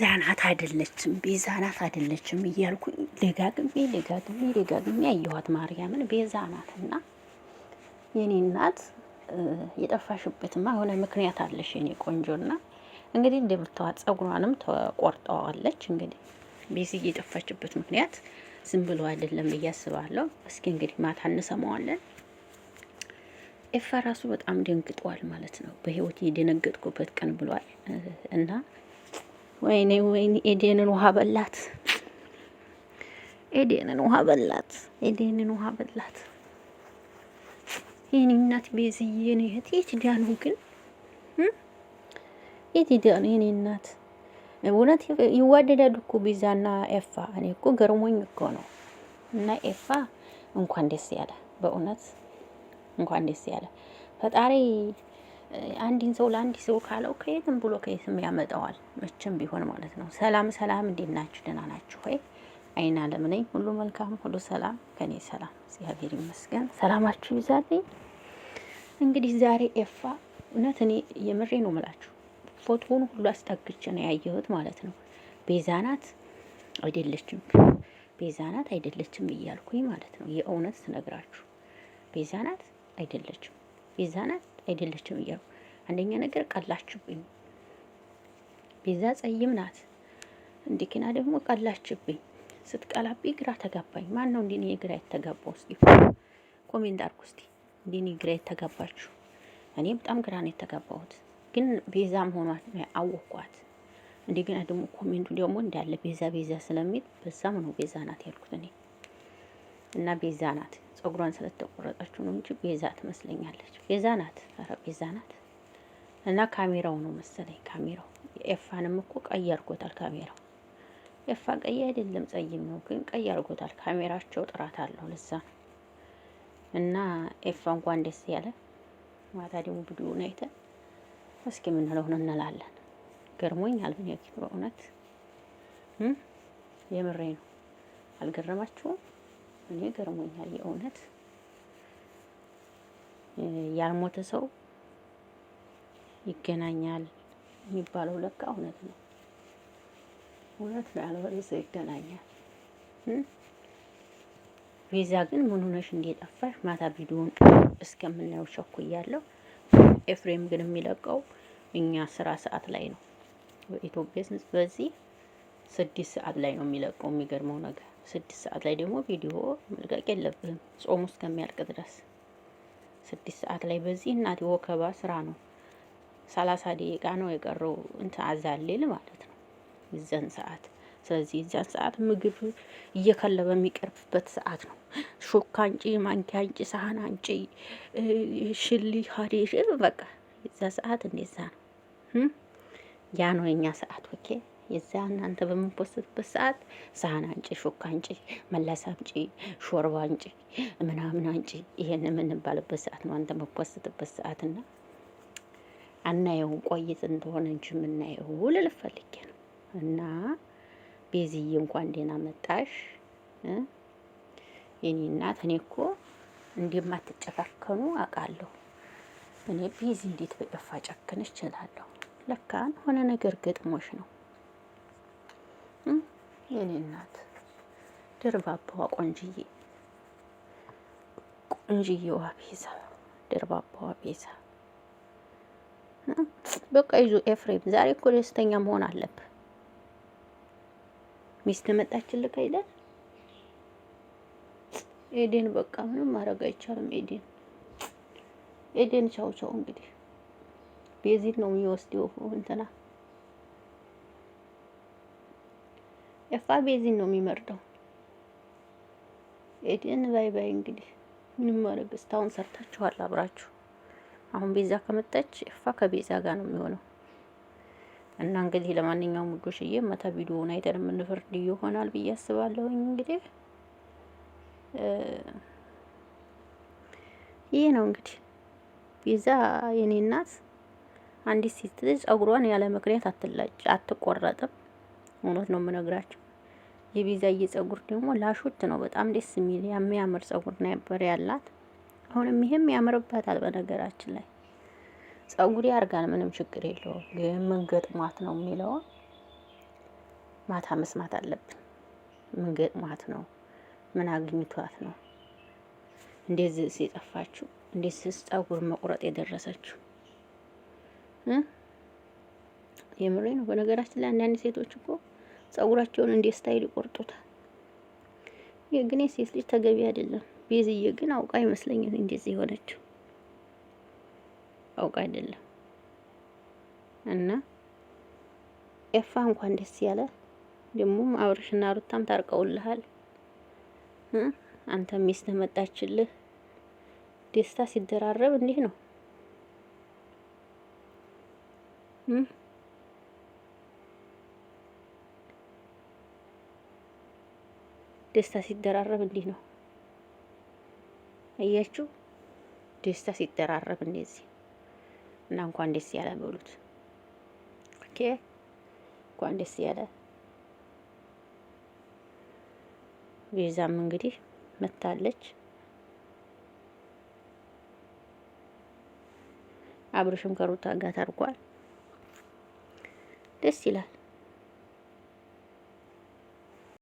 ዛናት አይደለችም ቤዛናት አይደለችም እያልኩኝ ደጋግሜ ደጋግሜ ደጋግሜ አየኋት ማርያምን ቤዛናት እና የኔ እናት የጠፋሽበትማ የሆነ ምክንያት አለሽ የኔ ቆንጆና እንግዲህ እንደምታዋት ጸጉሯንም ተቆርጠዋለች እንግዲህ ቤዚ የጠፋችበት ምክንያት ዝም ብሎ አይደለም ብዬ አስባለሁ እስኪ እንግዲህ ማታ እንሰማዋለን ኤፋ ራሱ በጣም ደንግጧል ማለት ነው በህይወት የደነገጥኩበት ቀን ብሏል እና ወይኔ ወይኔ፣ ኤዴንን ውሃ በላት፣ ኤዴንን ውሃ በላት፣ ኤዴንን ውሃ በላት። የኔ እናት ቤዝዬ፣ የኔ እህት የት ሄዳ ነው ግን? የት ሄዳ ነው የኔ እናት? እውነት ይዋደዳሉ እኮ ቤዛና ኤፋ። እኔ እኮ ገርሞኝ እኮ ነው። እና ኤፋ እንኳን ደስ ያለ፣ በእውነት እንኳን ደስ ያለ ፈጣሪ አንድን ሰው ለአንድ ሰው ካለው ከየትም ብሎ ከየትም ያመጣዋል። መቼም ቢሆን ማለት ነው። ሰላም ሰላም፣ እንዴት ናችሁ? ደህና ናችሁ ወይ? አይን አለም ነኝ። ሁሉ መልካም፣ ሁሉ ሰላም፣ ከኔ ሰላም፣ እግዚአብሔር ይመስገን። ሰላማችሁ ይብዛልኝ። እንግዲህ ዛሬ ኤፋ እውነት እኔ የምሬ ነው ምላችሁ ፎቶውን ሁሉ አስታግቼ ነው ያየሁት ማለት ነው። ቤዛናት አይደለችም፣ ቤዛ ናት አይደለችም እያልኩኝ ማለት ነው። የእውነት ስነግራችሁ ቤዛ ናት አይደለችም፣ ቤዛናት። አይደለችም እያሉ አንደኛ ነገር ቀላችብኝ። ቤዛ ጸይም ናት፣ እንደገና ደግሞ ቀላችብኝ። ስትቀላብኝ ግራ ተጋባኝ። ማን ነው እንዲህ ግራ የተጋባው? እስኪ ኮሜንት አድርጉ እስኪ እንዲህ ግራ የተጋባችሁ። እኔ በጣም ግራ ነው የተጋባሁት፣ ግን ቤዛም ሆኗት አወኳት። እንደገና ደግሞ ኮሜንቱ ደግሞ እንዳለ ቤዛ ቤዛ ስለሚል በዛም ነው ቤዛ ናት ያልኩት እኔ እና ቤዛ ናት ፀጉሯን ስለተቆረጠችው ነው እንጂ ቤዛ ትመስለኛለች። ቤዛ ናት፣ ኧረ ቤዛ ናት። እና ካሜራው ነው መሰለኝ። ካሜራው ኤፋንም እኮ ቀይ አድርጎታል። ካሜራው ኤፋ ቀይ አይደለም ጸይም ነው፣ ግን ቀይ አድርጎታል። ካሜራቸው ጥራት አለው ለዛ ነው። እና ኤፋ እንኳን ደስ ያለ ማታ ደግሞ ቪዲዮውን አይተን እስኪ የምንለውን እንላለን። ገርሞኛል በእውነት የምሬ ነው። አልገረማችሁም? እኔ ገርሞኛል የእውነት ያልሞተ ሰው ይገናኛል የሚባለው ለካ እውነት ነው። እውነት ነው፣ ሰው ይገናኛል። ቤዛ ግን ምን ሆነሽ እንደጠፋሽ ማታ ቪዲዮን እስከምናየው ቸኩያለሁ። ኤፍሬም ግን የሚለቀው እኛ ስራ ሰዓት ላይ ነው በኢትዮጵያ በዚህ ስድስት ሰዓት ላይ ነው የሚለቀው። የሚገርመው ነገር ስድስት ሰዓት ላይ ደግሞ ቪዲዮ መልቀቅ የለብህም ጾሙ እስከሚያልቅ ድረስ ስድስት ሰዓት ላይ በዚህ እናት ወከባ ስራ ነው። ሰላሳ ደቂቃ ነው የቀረው እንትን አዛሌል ማለት ነው ይዘን ሰዓት ስለዚህ እዚያን ሰዓት ምግብ እየከለ በሚቀርብበት ሰዓት ነው። ሹካ አንጪ፣ ማንኪያ አንጪ፣ ሳህን አንጪ፣ ሽሊ ሀዴሽ በቃ እዛ ሰዓት እንደዛ ነው። ያ ነው የኛ ሰዓት። ኦኬ የዛ እናንተ በምንፖስትበት ሰዓት ሳህን አንጪ፣ ሹካ አንጪ፣ መላስ አንጭ፣ ሾርባ አንጪ፣ ምናምን አንጪ ይሄን የምንባልበት ሰዓት ነው። አንተ በምፖስትበት ሰዓት እና አናየውም ቆይት እንደሆነ እንጂ የምናየው ልልፈልጌ ነው። እና ቤዝዬ እንኳን ደህና መጣሽ የኔ እናት። እኔ እኮ እንደማትጨፋከኑ አውቃለሁ። እኔ ቤዚ እንዴት በጨፋ ጨክንሽ እችላለሁ። ለካን ሆነ ነገር ገጥሞሽ ነው። የኔ እናት ድርባባዋ ቆንጅዬ ቆንጅዬዋ ቤዛ ድርባባዋ ቤዛ በቃ ይዙ ኤፍሬም፣ ዛሬ እኮ ደስተኛ መሆን አለብህ። ሚስት መጣችልህ አይደል? ኤዴን በቃ ምንም ማድረግ አይቻልም። ኤዴን ኤዴን ቻው ቻው። እንግዲህ ቤዚን ነው የሚወስደው እንትና ኤፋ ቤዚን ነው የሚመርደው ኤድን ባይ ባይ። እንግዲህ ምንም ማድረግ እስካሁን ሰርታችኋል አብራችሁ። አሁን ቤዛ ከመጣች ኤፋ ከቤዛ ጋር ነው የሚሆነው። እና እንግዲህ ለማንኛውም ውዶችዬ መታ ቪዲዮውን አይተን የምንፈርድ ይሆናል ብዬ አስባለሁ እንግዲህ ይሄ ነው እንግዲህ ቤዛ የኔ እናት አንዲት ሴት ልጅ ጸጉሯን ያለ ምክንያት አትላጭ አትቆረጥም። እውነት ነው የምነግራቸው። የቤዛዬ ጸጉር ደግሞ ላሹት ነው። በጣም ደስ የሚል የሚያምር ጸጉር ነበር ያላት። አሁንም ይሄም ያምርበታል። በነገራችን ላይ ጸጉር ያርጋል፣ ምንም ችግር የለውም። ግን ምን ገጥሟት ነው የሚለውን ማታ መስማት አለብን። ምን ገጥሟት ነው? ምን አግኝቷት ነው እንደዚህ የጠፋችው? እንደዚህ ጸጉር መቁረጥ የደረሰችው? የምሬ ነው። በነገራችን ላይ አንዳንድ ሴቶች እኮ ጸጉራቸውን እንደ ስታይል ይቆርጡታል። ግን የሴት ልጅ ተገቢ አይደለም። ቤዝዬ ግን አውቃ ይመስለኛል እንደዚህ የሆነችው አውቃ አይደለም። እና ኤፋ እንኳን ደስ ያለ ደግሞ አብርሽና ሩታም ታርቀውልሃል። አንተም ሚስት መጣችልህ። ደስታ ሲደራረብ እንዲህ ነው። ደስታ ሲደራረብ እንዲህ ነው። እያችሁ ደስታ ሲደራረብ እንደዚህ እና እንኳን ደስ ያለ በሉት። ኦኬ እንኳን ደስ ያለ። ቤዛም እንግዲህ መታለች። አብርሽም ከሩታ ጋር ታርቋል። ደስ ይላል።